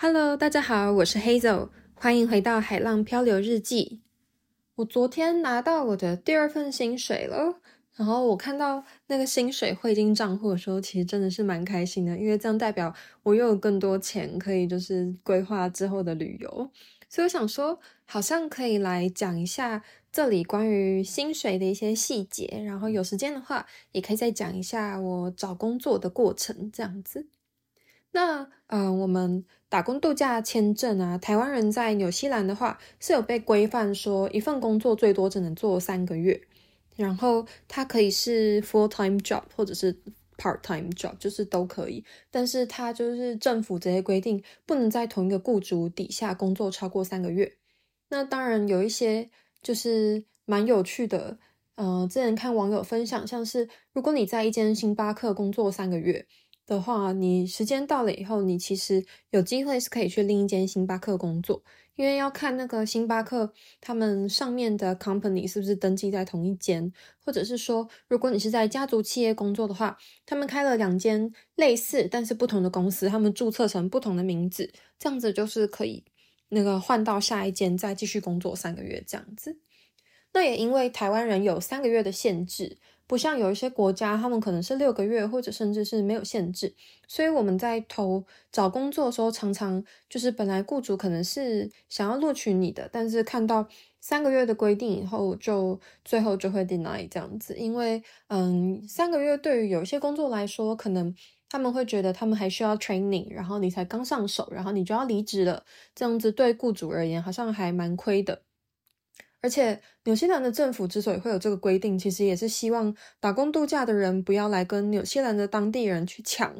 哈嘍，Hello, 大家好，我是 Hazel，歡迎回到《海浪漂流日記》。我昨天拿到我的第二份薪水了，然後我看到那個薪水匯進賬戶的時候，其實真的是蠻開心的，因為這樣代表我又有更多錢可以就是規劃之後的旅遊。所以我想說，好像可以來講一下這裡關於薪水的一些細節，然後有時間的話，也可以再講一下我找工作的過程，這樣子。那嗯、呃，我們打工度假簽證啊，台灣人在紐西蘭的話是有被規範說，一份工作最多只能做三個月，然後它可以是 full-time job 或者是 part-time job，就是都可以。但是它就是政府直接規定，不能在同一個雇主底下工作超過三個月。那當然有一些就是蠻有趣的，嗯、呃，之前看網友分享，像是如果你在一間星巴克工作三個月，的話，你時間到了以後，你其實有機會是可以去另一間星巴克工作，因為要看那個星巴克他們上面的 company 是不是登記在同一間，或者是說，如果你是在家族企業工作的話，他們開了兩間類似但是不同的公司，他們注冊成不同的名字，這樣子就是可以那個換到下一間再繼續工作三個月這樣子。那也因為台灣人有三個月的限制。不像有一些國家，他們可能是六個月，或者甚至是沒有限制。所以我們在投找工作的時候，常常就是本來僱主可能是想要錄取你的，但是看到三個月的規定以後，就最後就會 deny 這樣子。因為，嗯，三個月對於有一些工作來說，可能他們會覺得他們還需要 training，然後你才剛上手，然後你就要離職了，這樣子對僱主而言好像還蠻虧的。而且，紐西蘭的政府之所以會有這個規定，其實也是希望打工度假的人不要來跟紐西蘭的當地人去搶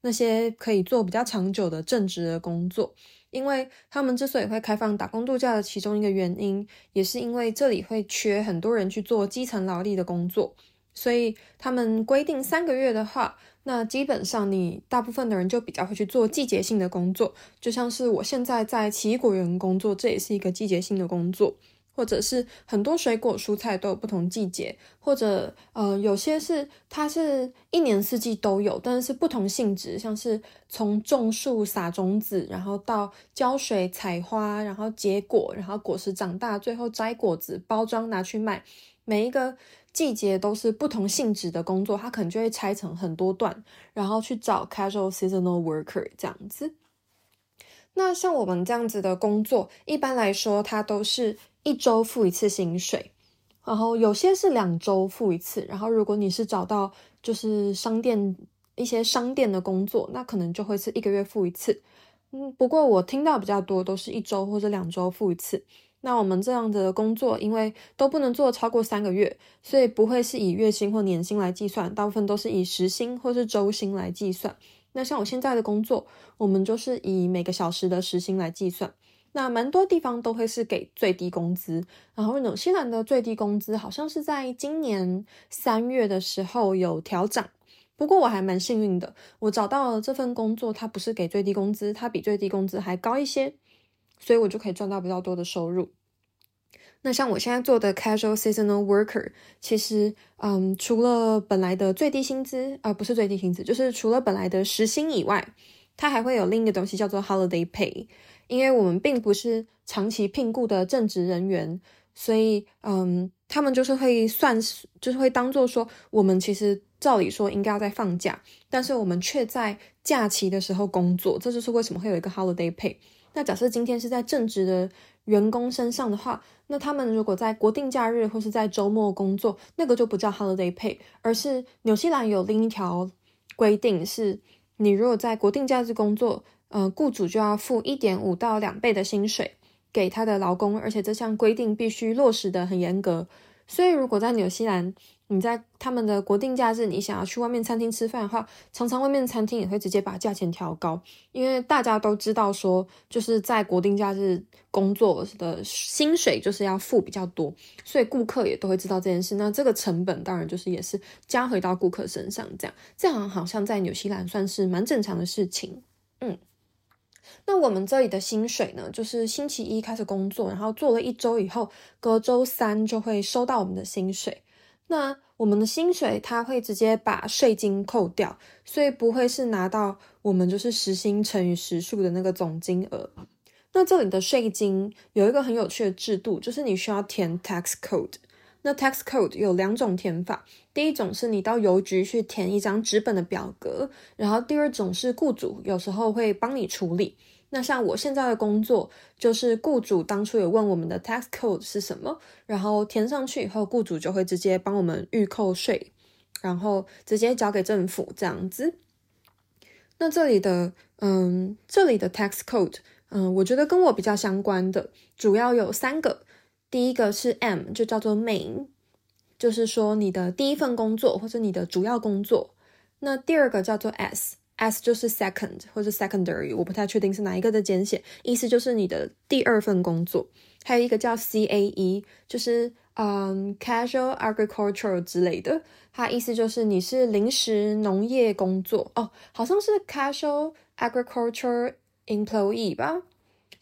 那些可以做比較長久的正職的工作。因為他們之所以會開放打工度假的其中一個原因，也是因為這裡會缺很多人去做基層勞力的工作，所以他們規定三個月的話，那基本上你大部分的人就比較會去做季節性的工作，就像是我現在在奇異果園工作，這也是一個季節性的工作。或者是很多水果蔬菜都有不同季節，或者呃有些是它是一年四季都有，但是不同性質，像是從種樹撒種子，然後到澆水採花，然後結果，然後果實長大，最後摘果子包裝拿去賣，每一個季節都是不同性質的工作，它可能就會拆成很多段，然後去找 casual seasonal worker 這樣子。那像我們這樣子的工作，一般來說它都是。一周付一次薪水，然後有些是兩週付一次，然後如果你是找到就是商店，一些商店的工作，那可能就會是一個月付一次。嗯，不過我聽到比較多都是一周或者兩週付一次。那我們這樣的工作，因為都不能做超過三個月，所以不會是以月薪或年薪來計算，大部分都是以時薪或是周薪來計算。那像我現在的工作，我們就是以每個小時的時薪來計算。那蠻多地方都會是給最低工資，然後紐西蘭的最低工資好像是在今年三月的時候有調整。不過我還蠻幸運的，我找到了這份工作，它不是給最低工資，它比最低工資還高一些，所以我就可以賺到比較多的收入。那像我現在做的 casual seasonal worker，其實，嗯，除了本來的最低薪資，而、呃、不是最低薪資，就是除了本來的時薪以外，它還會有另一個東西叫做 holiday pay。因為我們並不是長期聘雇的正職人員，所以，嗯，他們就是會算是，就是會當做說，我們其實照理說應該要在放假，但是我們卻在假期的時候工作，這就是為什麼會有一個 holiday pay。那假設今天是在正職的員工身上的話，那他們如果在國定假日或是在周末工作，那個就不叫 holiday pay，而是紐西蘭有另一條規定，是你如果在國定假日工作。呃、嗯，僱主就要付一點五到兩倍的薪水給他的勞工，而且這項規定必須落實得很嚴格。所以，如果在紐西蘭，你在他們的國定假日，你想要去外面餐廳吃飯的話，常常外面餐廳也會直接把價錢調高，因為大家都知道說，就是在國定假日工作的薪水就是要付比較多，所以顧客也都會知道這件事。那這個成本當然就是也是加回到顧客身上，這樣這樣好像，好像在紐西蘭算是蠻正常的事情，嗯。那我們這裡的薪水呢，就是星期一開始工作，然後做了一周以後，隔周三就會收到我們的薪水。那我們的薪水它會直接把稅金扣掉，所以不會是拿到我們就是時薪乘以時數的那個總金額。那這裡的稅金有一個很有趣的制度，就是你需要填 tax code。那 tax code 有兩種填法，第一種是你到郵局去填一張紙本的表格，然後第二種是僱主有時候會幫你處理。那像我現在的工作，就是僱主當初有問我們的 tax code 是什麼，然後填上去以後，僱主就會直接幫我們預扣稅，然後直接交給政府這樣子。那這裡的，嗯，這裡的 tax code，嗯，我覺得跟我比較相關的主要有三個。第一個是 M，就叫做 main，就是說你的第一份工作，或者你的主要工作。那第二個叫做 S，S 就是 second 或者 secondary，我不太確定是哪一個的簡寫，意思就是你的第二份工作。還有一個叫 CAE，就是嗯、um, casual agriculture 之類的，它意思就是你是臨時農業工作哦，好像是 casual agriculture employee 吧。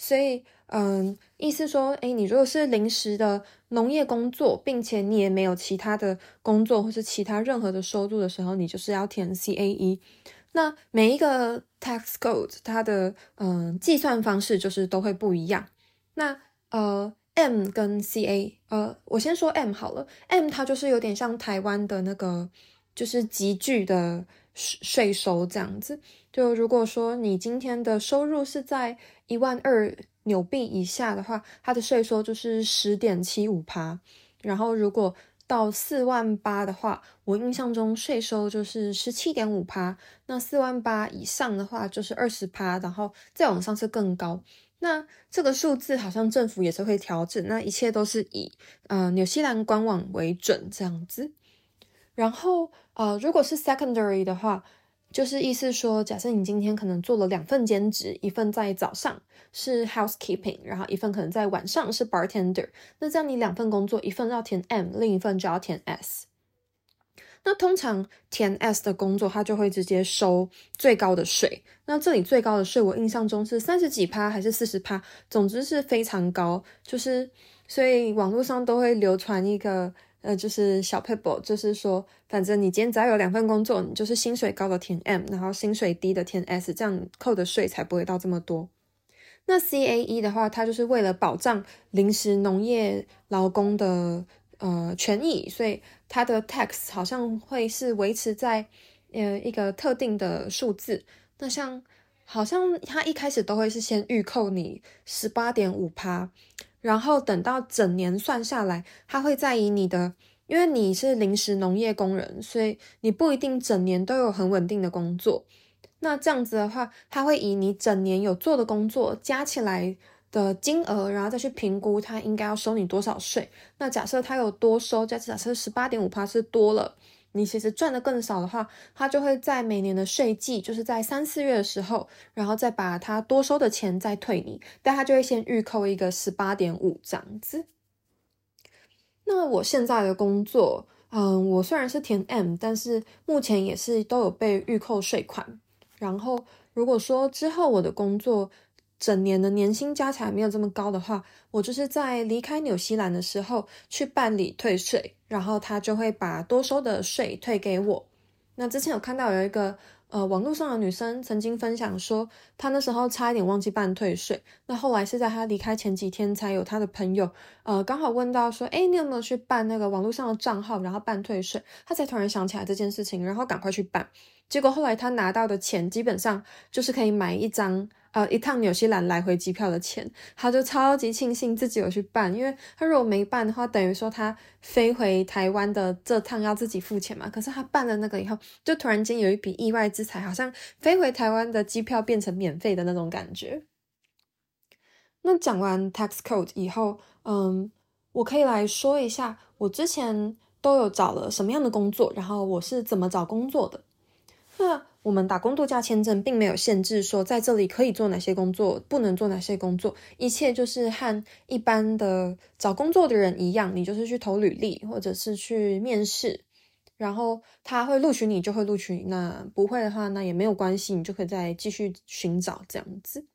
所以，嗯，意思說，哎，你如果是臨時的農業工作，並且你也沒有其他的工作或是其他任何的收入的時候，你就是要填 C A E。那每一個 tax code 它的，嗯，計算方式就是都會不一樣。那呃，M 跟 C A，呃，我先說 M 好了，M 它就是有點像台灣的那個，就是級距的。稅收這樣子，就如果說你今天的收入是在一萬二紐幣以下的話，它的稅收就是十點七五趴。然後如果到四萬八的話，我印象中稅收就是十七點五趴。那四萬八以上的話就是二十趴，然後再往上是更高。那這個數字好像政府也是會調整，那一切都是以呃紐西蘭官網為準這樣子，然後。呃，如果是 secondary 的話，就是意思說，假設你今天可能做了兩份兼職，一份在早上是 housekeeping，然後一份可能在晚上是 bartender，那這樣你兩份工作，一份要填 M，另一份就要填 S。那通常填 S 的工作，它就會直接收最高的稅。那這裡最高的稅，我印象中是三十幾趴還是四十趴，總之是非常高，就是所以網絡上都會流傳一個。呃，就是小撇步就是說，反正你今天只要有兩份工作，你就是薪水高的填 M，然後薪水低的填 S，這樣扣的稅才不會到這麼多。那 CAE 的話，它就是為了保障臨時農業勞工的呃權益，所以它的 tax 好像會是維持在呃一個特定的數字。那像好像它一開始都會是先預扣你十八點五趴。然後等到整年算下來，他會在以你的，因為你是臨時農業工人，所以你不一定整年都有很穩定的工作。那這樣子的話，他會以你整年有做的工作加起來的金額，然後再去評估他應該要收你多少稅。那假設他有多收，假設假設十八點五趴是多了。你其實賺得更少的話，他就會在每年的稅季，就是在三四月的時候，然後再把他多收的錢再退你，但他就會先預扣一個十八點五這樣子。那我現在的工作，嗯，我雖然是填 M，但是目前也是都有被預扣稅款。然後如果說之後我的工作，整年的年薪加起來沒有這麼高的話，我就是在離開紐西蘭的時候去辦理退稅，然後他就會把多收的稅退給我。那之前有看到有一個呃網絡上的女生曾經分享說，她那時候差一點忘記辦退稅，那後來是在她離開前幾天才有她的朋友呃剛好問到說，哎、欸，你有沒有去辦那個網絡上的賬號，然後辦退稅？她才突然想起來這件事情，然後趕快去辦。結果後來她拿到的錢基本上就是可以買一張。呃，一趟紐西蘭來回機票的錢，他就超級慶幸自己有去辦，因為他如果沒辦的話，等於說他飛回台灣的這趟要自己付錢嘛。可是他辦了那個以後，就突然間有一筆意外之財，好像飛回台灣的機票變成免費的那種感覺。那講完 tax code 以後，嗯，我可以來說一下我之前都有找了什麼樣的工作，然後我是怎麼找工作的。那我們打工度假簽證並沒有限制說在這裡可以做哪些工作，不能做哪些工作，一切就是和一般的找工作的人一樣，你就是去投履歷或者是去面試，然後他會錄取你就會錄取，那不會的話那也沒有關係，你就可以再繼續尋找這樣子。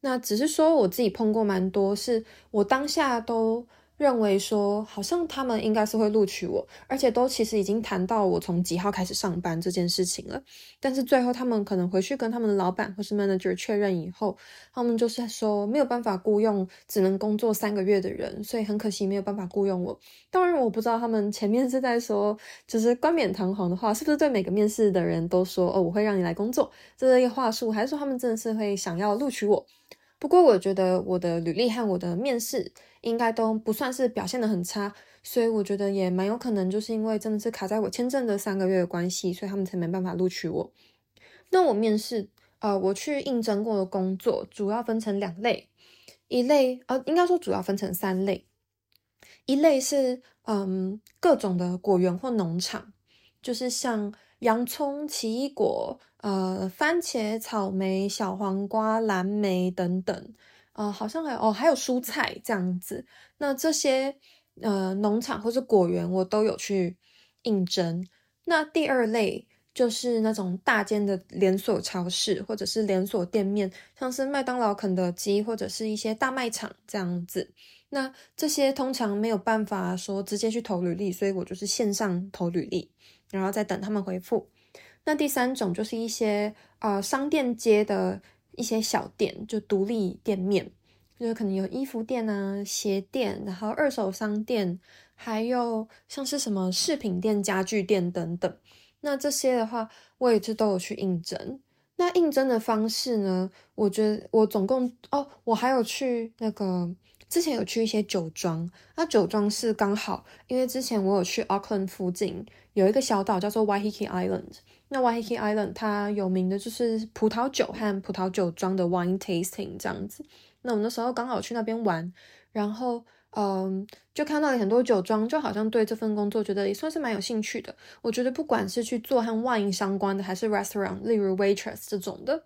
那只是說我自己碰過蠻多，是我當下都。認為說，好像他們應該是會錄取我，而且都其實已經談到我從幾號開始上班這件事情了。但是最後他們可能回去跟他們的老板或是 manager 確認以後，他們就是說沒有辦法雇傭只能工作三個月的人，所以很可惜沒有辦法雇傭我。當然我不知道他們前面是在說就是冠冕堂皇的話，是不是對每個面試的人都說哦我會讓你來工作這一話術，還是說他們真的是會想要錄取我？不過我覺得我的履歷和我的面試應該都不算是表現得很差，所以我覺得也蠻有可能，就是因為真的是卡在我簽證的三個月的關係，所以他們才沒辦法錄取我。那我面試，呃，我去應徵過的工作主要分成兩類，一類呃，應該說主要分成三類，一類是嗯，各種的果園或農場，就是像洋蔥、奇異果。呃，番茄、草莓、小黃瓜、藍莓等等，啊、呃，好像還有哦，還有蔬菜這樣子。那這些呃，農場或者果園，我都有去應徵。那第二類就是那種大間的連鎖超市或者是連鎖店面，像是麥當勞、肯德基或者是一些大賣場這樣子。那這些通常沒有辦法說直接去投履歷，所以我就是線上投履歷，然後再等他們回覆。那第三種就是一些呃商店街的一些小店，就獨立店面，就是可能有衣服店啊、鞋店，然後二手商店，還有像是什麼飾品店、家具店等等。那這些的話，我也是都有去應徵。那應徵的方式呢，我覺得我總共哦，我還有去那個，之前有去一些酒莊，那酒莊是剛好，因為之前我有去奧克蘭附近有一個小島叫做 Waiheke Island。那 Waiheke Island 它有名的就是葡萄酒和葡萄酒莊的 wine tasting 這樣子。那我那時候剛好去那邊玩，然後嗯，就看到了很多酒莊，就好像對這份工作覺得也算是蠻有興趣的。我覺得不管是去做和 wine 相關的，還是 restaurant，例如 waitress 這種的。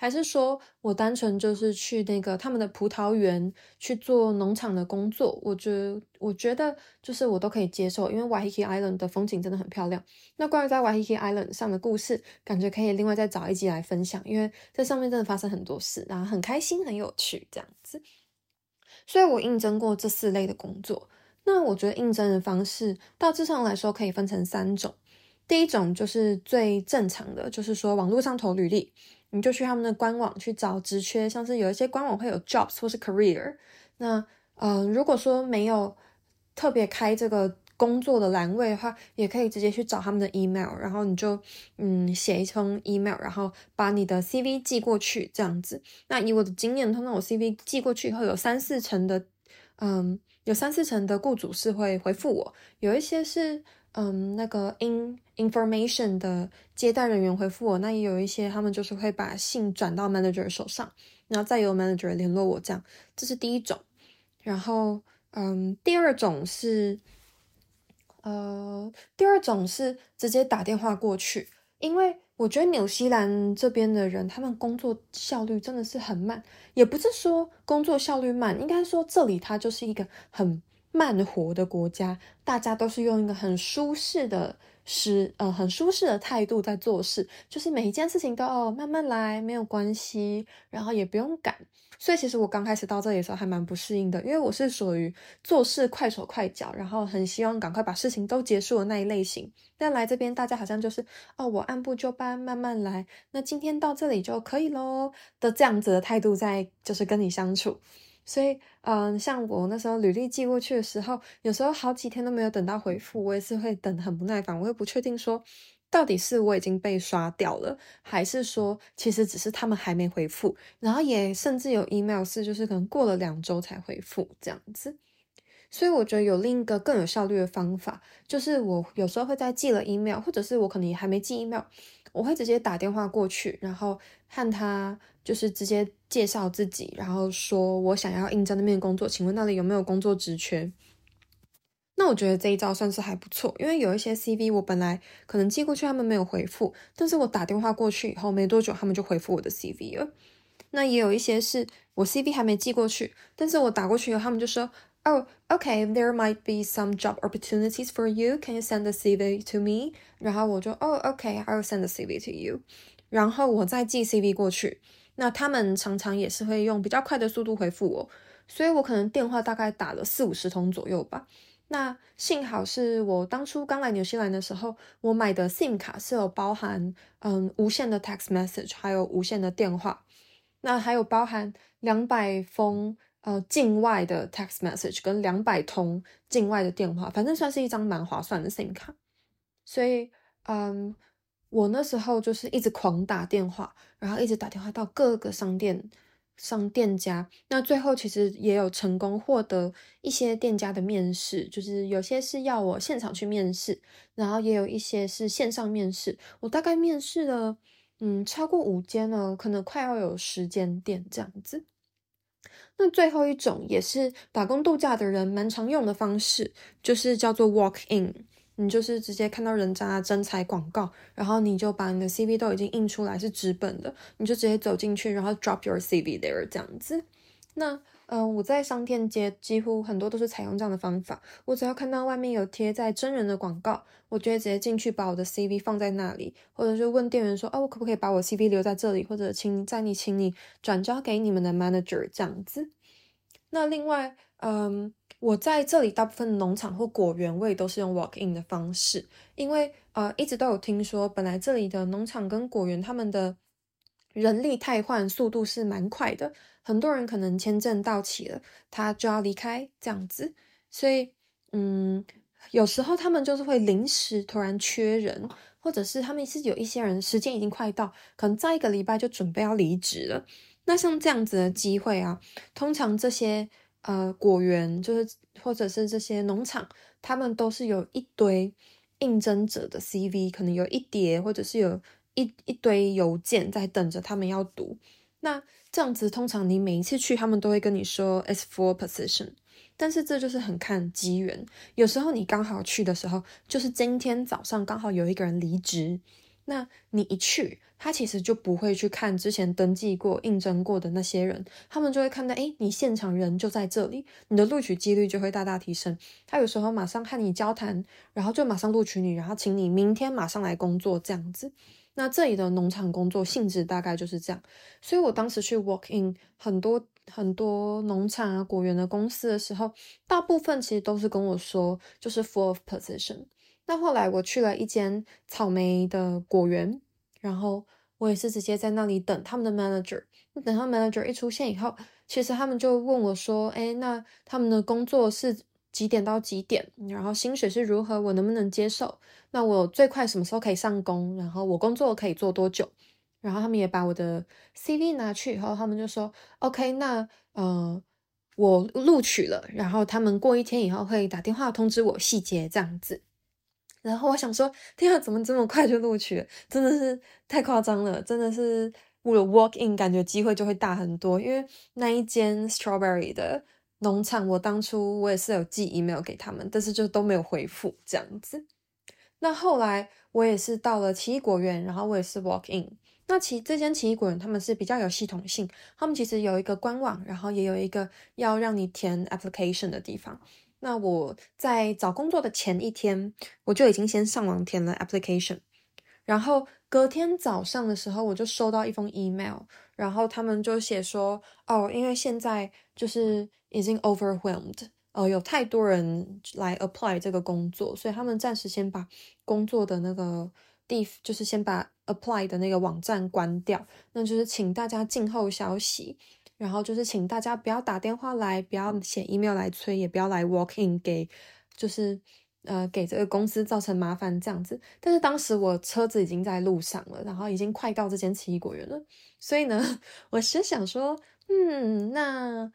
還是說我單純就是去那個他們的葡萄園去做農場的工作，我覺得我覺得就是我都可以接受，因為 Waiheke Island 的風景真的很漂亮。那關於在 Waiheke Island 上的故事，感覺可以另外再找一集來分享，因為這上面真的發生很多事，然後很開心，很有趣這樣子。所以我應徵過這四類的工作。那我覺得應徵的方式大致上來說可以分成三種，第一種就是最正常的，就是說網絡上投履歷。你就去他們的官網去找職缺，像是有一些官網會有 jobs 或是 career。那，嗯、呃，如果說沒有特別開這個工作的欄位的話，也可以直接去找他們的 email，然後你就，嗯，寫一封 email，然後把你的 CV 寄過去，這樣子。那以我的經驗，通常我 CV 寄過去以後，有三四成的，嗯，有三四成的僱主是會回復我，有一些是。嗯，那個 in information 的接待人員回復我，那也有一些他們就是會把信轉到 manager 手上，然後再由 manager 聯絡我這樣，這是第一種。然後，嗯，第二種是，呃，第二種是直接打電話過去，因為我覺得紐西蘭這邊的人，他們工作效率真的是很慢，也不是說工作效率慢，應該說這裡它就是一個很。慢活的國家，大家都是用一個很舒適的、是呃很舒適的態度在做事，就是每一件事情都哦，慢慢來，沒有關係，然後也不用趕。所以其實我剛開始到這裡的時候還蠻不適應的，因為我是屬於做事快手快腳，然後很希望趕快把事情都結束的那一類型。但來這邊，大家好像就是哦，我按部就班，慢慢來，那今天到這裡就可以嘍的這樣子的態度在，就是跟你相處。所以，嗯、呃，像我那時候履歷寄過去的時候，有時候好幾天都沒有等到回復，我也是會等很不耐煩。我也不確定說，到底是我已經被刷掉了，還是說其實只是他們還沒回復。然後也甚至有 email 是，就是可能過了兩周才回復這樣子。所以我覺得有另一個更有效率的方法，就是我有時候會在寄了 email，或者是我可能也還沒寄 email，我會直接打電話過去，然後看他。就是直接介紹自己，然後說我想要應徵那邊的工作，請問那裡有沒有工作職缺？那我覺得這一招算是還不錯，因為有一些 CV 我本來可能寄過去他們沒有回復，但是我打電話過去以後沒多久他們就回復我的 CV 了。那也有一些是我 CV 還沒寄過去，但是我打過去以後他們就說，哦、oh,，OK，there、okay, might be some job opportunities for you. Can you send the CV to me？然後我就，哦、oh,，OK，I、okay, will send the CV to you。然後我再寄 CV 過去。那他們常常也是會用比較快的速度回覆我，哦，所以我可能電話大概打了四五十通左右吧。那幸好是我當初剛來紐西蘭的時候，我買的 SIM 卡是有包含嗯無限的 text message，還有無限的電話，那還有包含兩百封呃境外的 text message 跟兩百通境外的電話，反正算是一張蠻划算的 SIM 卡。所以嗯。我那時候就是一直狂打電話，然後一直打電話到各個商店、商店家。那最後其實也有成功獲得一些店家的面試，就是有些是要我現場去面試，然後也有一些是線上面試。我大概面試了，嗯，超過五間呢，可能快要有十間店這樣子。那最後一種也是打工度假的人蠻常用的方式，就是叫做 walk in。你就是直接看到人家啊徵才廣告，然後你就把你的 CV 都已經印出來是紙本的，你就直接走進去，然後 drop your CV there 這樣子。那，嗯，我在商店街幾乎很多都是採用這樣的方法。我只要看到外面有貼在真人的廣告，我就會直接進去把我的 CV 放在那裡，或者是問店員說，哦、啊，我可不可以把我 CV 留在這裡，或者請在你，請你轉交給你們的 manager 這樣子。那另外，嗯。我在這裡大部分農場或果園我也都是用 walk in 的方式，因為呃一直都有聽說，本來這裡的農場跟果園他們的人力汰換速度是蠻快的，很多人可能簽證到期了，他就要離開這樣子，所以嗯有時候他們就是會臨時突然缺人，或者是他們是有一些人時間已經快到，可能再一個禮拜就準備要離職了，那像這樣子的機會啊，通常這些。呃，果園就是或者是這些農場，他們都是有一堆應徵者的 CV，可能有一疊或者是有一一堆郵件在等着他們要讀。那這樣子，通常你每一次去，他們都會跟你說 “as for position”，但是這就是很看機緣。有時候你剛好去的時候，就是今天早上剛好有一個人離職。那你一去，他其實就不會去看之前登記過、應徵過的那些人，他們就會看到，哎，你現場人就在這裡，你的錄取幾率就會大大提升。他有時候馬上和你交談，然後就馬上錄取你，然後請你明天馬上來工作這樣子。那這裡的農場工作性質大概就是這樣。所以我當時去 walk in 很多很多農場啊、果園的公司的時候，大部分其實都是跟我說，就是 full of position。那後來我去了一間草莓的果園，然後我也是直接在那裡等他們的 manager。等他們 manager 一出現以後，其實他們就問我說：“哎，那他們的工作是幾點到幾點？然後薪水是如何？我能不能接受？那我最快什麼時候可以上工？然後我工作可以做多久？”然後他們也把我的 CV 拿去以後，他們就說：“OK，那呃，我錄取了。然後他們過一天以後會打電話通知我細節，這樣子。”然後我想說，天啊，怎麼這麼快就錄取了？真的是太誇張了！真的是我有 walk in，感覺機會就會大很多。因為那一間 strawberry 的農場，我當初我也是有寄 email 給他們，但是就都沒有回復這樣子。那後來我也是到了奇異果園，然後我也是 walk in。那其這間奇異果園他們是比較有系統性，他們其實有一個官網，然後也有一個要讓你填 application 的地方。那我在找工作的前一天，我就已經先上網填了 application，然後隔天早上的時候，我就收到一封 email，然後他們就寫說，哦，因為現在就是已經 overwhelmed，哦、呃，有太多人來 apply 這個工作，所以他們暫時先把工作的那個地，就是先把 apply 的那個網站關掉，那就是請大家靜候消息。然後就是請大家不要打電話來，不要寫 email 來催，也不要來 walk in 給，就是呃給這個公司造成麻煩這樣子。但是當時我車子已經在路上了，然後已經快到這間奇異果園了，所以呢，我是想說，嗯，那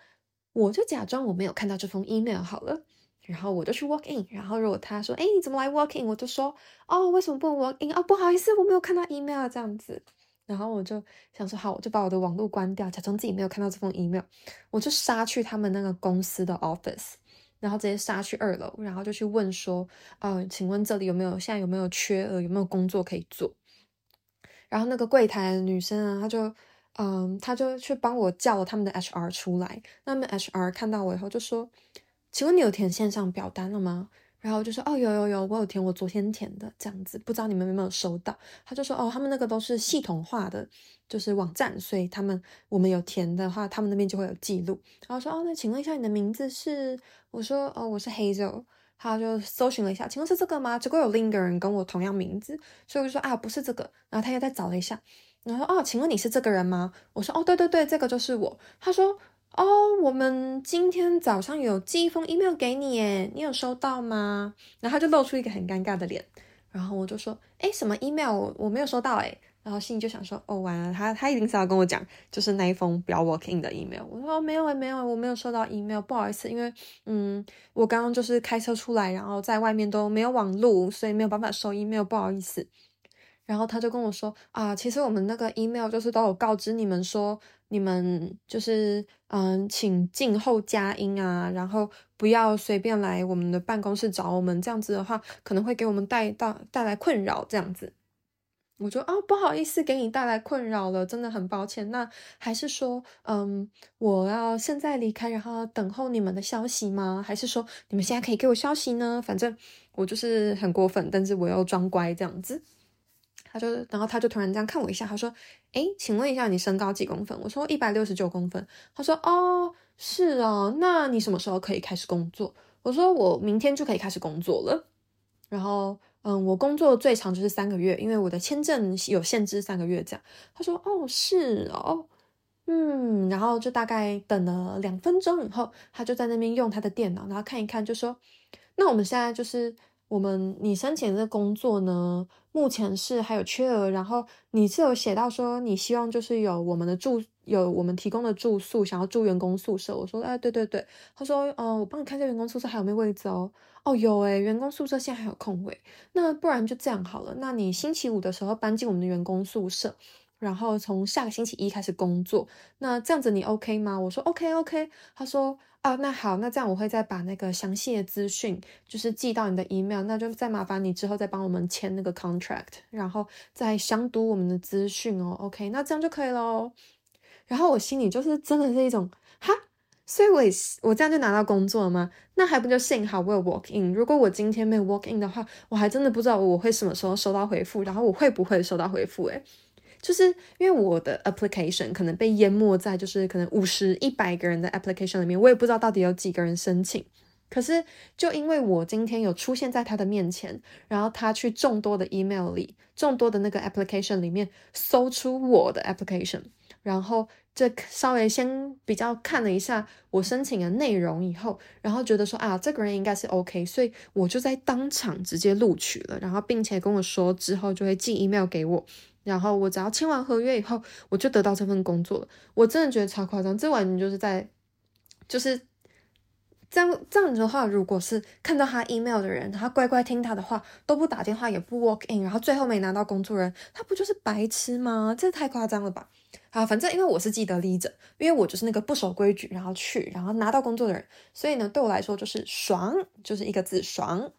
我就假裝我沒有看到這封 email 好了，然後我就去 walk in，然後如果他說，哎，你怎麼來 walk in？我就說，哦，為什麼不 walk in？哦，不好意思，我沒有看到 email 這樣子。然後我就想說，好，我就把我的網絡關掉，假裝自己沒有看到這封 email，我就殺去他們那個公司的 office，然後直接殺去二樓，然後就去問說，嗯、呃、請問這裡有沒有，現在有沒有缺額，有沒有工作可以做？然後那個櫃檯的女生啊，她就，嗯、呃，她就去幫我叫了他們的 HR 出來，那他們 HR 看到我以後就說，請問你有填線上表單了嗎？然後就說哦，有有有，我有填。我昨天填的這樣子，不知道你們有沒有收到。他就說哦，他們那個都是系統化的，就是網站，所以他們我們有填的話，他們那邊就會有記錄。然後說哦，那請問一下你的名字是？我說哦，我是 Hazel。他就搜尋了一下，請問是這個嗎？結果有另一個人跟我同樣名字，所以我就說啊，不是這個。然後他又再找了一下，然後說哦，請問你是這個人嗎？我說哦，對對對，這個就是我。他說。哦，我們今天早上有寄一封 email 給你誒，你有收到嗎？然後他就露出一個很尷尬的臉，然後我就說，哎，什麼 email？我，我沒有收到誒。然後心裡就想說，哦，完了，他他一定是要跟我講，就是那一封不要 working 的 email。我說，哦，沒有沒有，我沒有收到 email，不好意思，因為嗯，我剛剛就是開車出來，然後在外面都沒有網路，所以沒有辦法收 email，不好意思。然後他就跟我說：“啊，其實我們那個 email 就是都有告知你們說，你們就是嗯，請靜候佳音啊，然後不要隨便來我們的辦公室找我們，這樣子的話可能會給我們帶到帶來困擾。這樣子，我就哦，不好意思，給你帶來困擾了，真的很抱歉。那還是說，嗯，我要現在離開，然後等候你們的消息嗎？還是說你們現在可以給我消息呢？反正我就是很過分，但是我要裝乖這樣子。”他就，然後他就突然這樣看我一下，他說：“哎，請問一下，你身高幾公分？”我說：“一百六十九公分。”他說：“哦，是哦，那你什麼時候可以開始工作？”我說：“我明天就可以開始工作了。”然後，嗯，我工作最長就是三個月，因為我的簽證有限制三個月這樣。他說：“哦，是哦，嗯。”然後就大概等了兩分鐘以後，他就在那邊用他的電腦，然後看一看，就說：“那我們現在就是。”我們你申請的工作呢，目前是還有缺額。然後你是有寫到說你希望就是有我們的住有我們提供的住宿，想要住員工宿舍。我說哎，對對對。他說呃、哦，我幫你看下員工宿舍還有沒有位置哦。哦有哎，員工宿舍現在還有空位。那不然就這樣好了。那你星期五的時候搬進我們的員工宿舍，然後從下個星期一開始工作。那這樣子你 OK 嗎？我說 OK OK。他說。哦，oh, 那好，那這樣我會再把那個詳細的資訊，就是寄到你的 email，那就再麻煩你之後再幫我們簽那個 contract，然後再詳讀我們的資訊哦。OK，那這樣就可以嘍。然後我心裡就是真的是一種哈，所以我也我這樣就拿到工作了嗎？那還不就幸好我有 walk in。如果我今天沒有 walk in 的話，我還真的不知道我會什麼時候收到回覆，然後我會不會收到回覆、欸？誒就是因為我的 application 可能被淹沒在就是可能五十一百個人的 application 裡面，我也不知道到底有幾個人申請。可是就因為我今天有出現在他的面前，然後他去眾多的 email 裡、眾多的那個 application 裡面搜出我的 application，然後就稍微先比較看了一下我申請的內容以後，然後覺得說啊，這個人應該是 OK，所以我就在當場直接錄取了，然後並且跟我說之後就會寄 email 給我。然後我只要簽完合約以後，我就得到這份工作了。我真的覺得超誇張，這完全就是在就是這樣，這樣的話，如果是看到他 email 的人，他乖乖聽他的話，都不打電話，也不 walk in，然後最後沒拿到工作人，他不就是白痴嗎？這是太誇張了吧！啊，反正因為我是既得利益者，因為我就是那個不守規矩，然後去，然後拿到工作的人，所以呢，對我來說就是爽，就是一個字爽。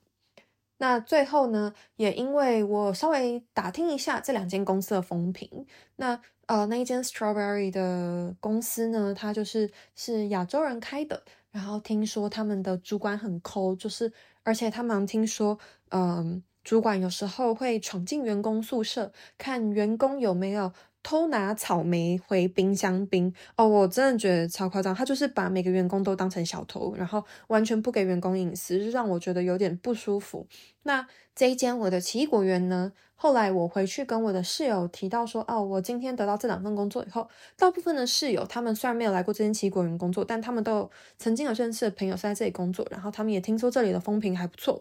那最後呢，也因為我稍微打聽一下這兩間公司的風評，那呃，那一間 Strawberry 的公司呢，它就是是亞洲人開的，然後聽說他們的主管很摳，就是而且他們聽說，嗯、呃，主管有時候會闖進員工宿舍，看員工有沒有。偷拿草莓回冰箱冰，哦，我真的覺得超誇張。他就是把每個員工都當成小偷，然後完全不給員工隱私，就讓我覺得有點不舒服。那這一間我的奇異果園呢？後來我回去跟我的室友提到說，哦，我今天得到這兩份工作以後，大部分的室友他們雖然沒有來過這間奇異果園工作，但他們都曾經有認識的朋友是在這裡工作，然後他們也聽說這裡的風評還不錯。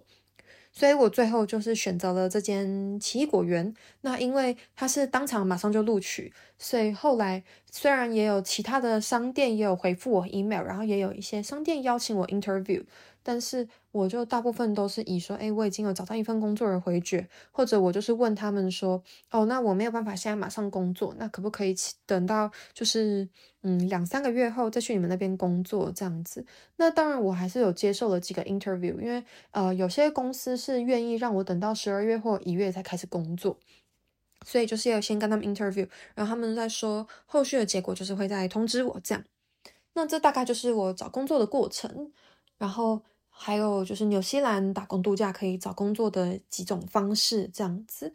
所以我最後就是選擇了這間奇異果園。那因為他是當場馬上就錄取，所以後來雖然也有其他的商店也有回復我 email，然後也有一些商店邀請我 interview。但是我就大部分都是以說，哎，我已經有找到一份工作而回絕，或者我就是問他們說，哦，那我沒有辦法現在馬上工作，那可不可以等到就是，嗯，兩三個月後再去你們那邊工作這樣子？那當然，我還是有接受了幾個 interview，因為呃，有些公司是願意讓我等到十二月或一月才開始工作，所以就是要先跟他們 interview，然後他們再說後續的結果就是會再通知我這樣。那這大概就是我找工作的過程，然後。還有就是，紐西蘭打工度假可以找工作的幾種方式，這樣子。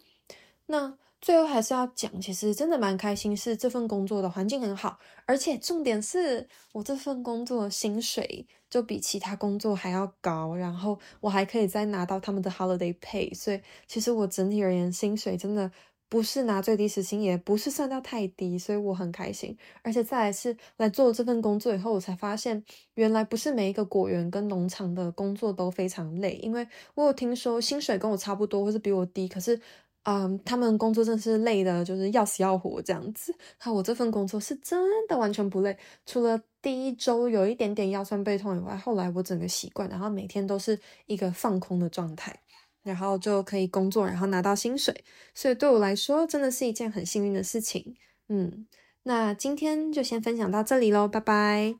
那最後還是要講，其實真的蠻開心，是這份工作的環境很好，而且重點是我這份工作的薪水就比其他工作還要高，然後我還可以再拿到他們的 holiday pay，所以其實我整體而言薪水真的。不是拿最低時薪，也不是算到太低，所以我很開心。而且再來是來做這份工作以後，我才發現原來不是每一個果園跟農場的工作都非常累，因為我有聽說薪水跟我差不多，或是比我低。可是，嗯、呃，他們工作真的是累的，就是要死要活這樣子。那我這份工作是真的完全不累，除了第一周有一點點腰酸背痛以外，後來我整個習慣，然後每天都是一個放空的狀態。然後就可以工作，然後拿到薪水，所以對我來說，真的是一件很幸運的事情。嗯，那今天就先分享到這裡嘍，拜拜。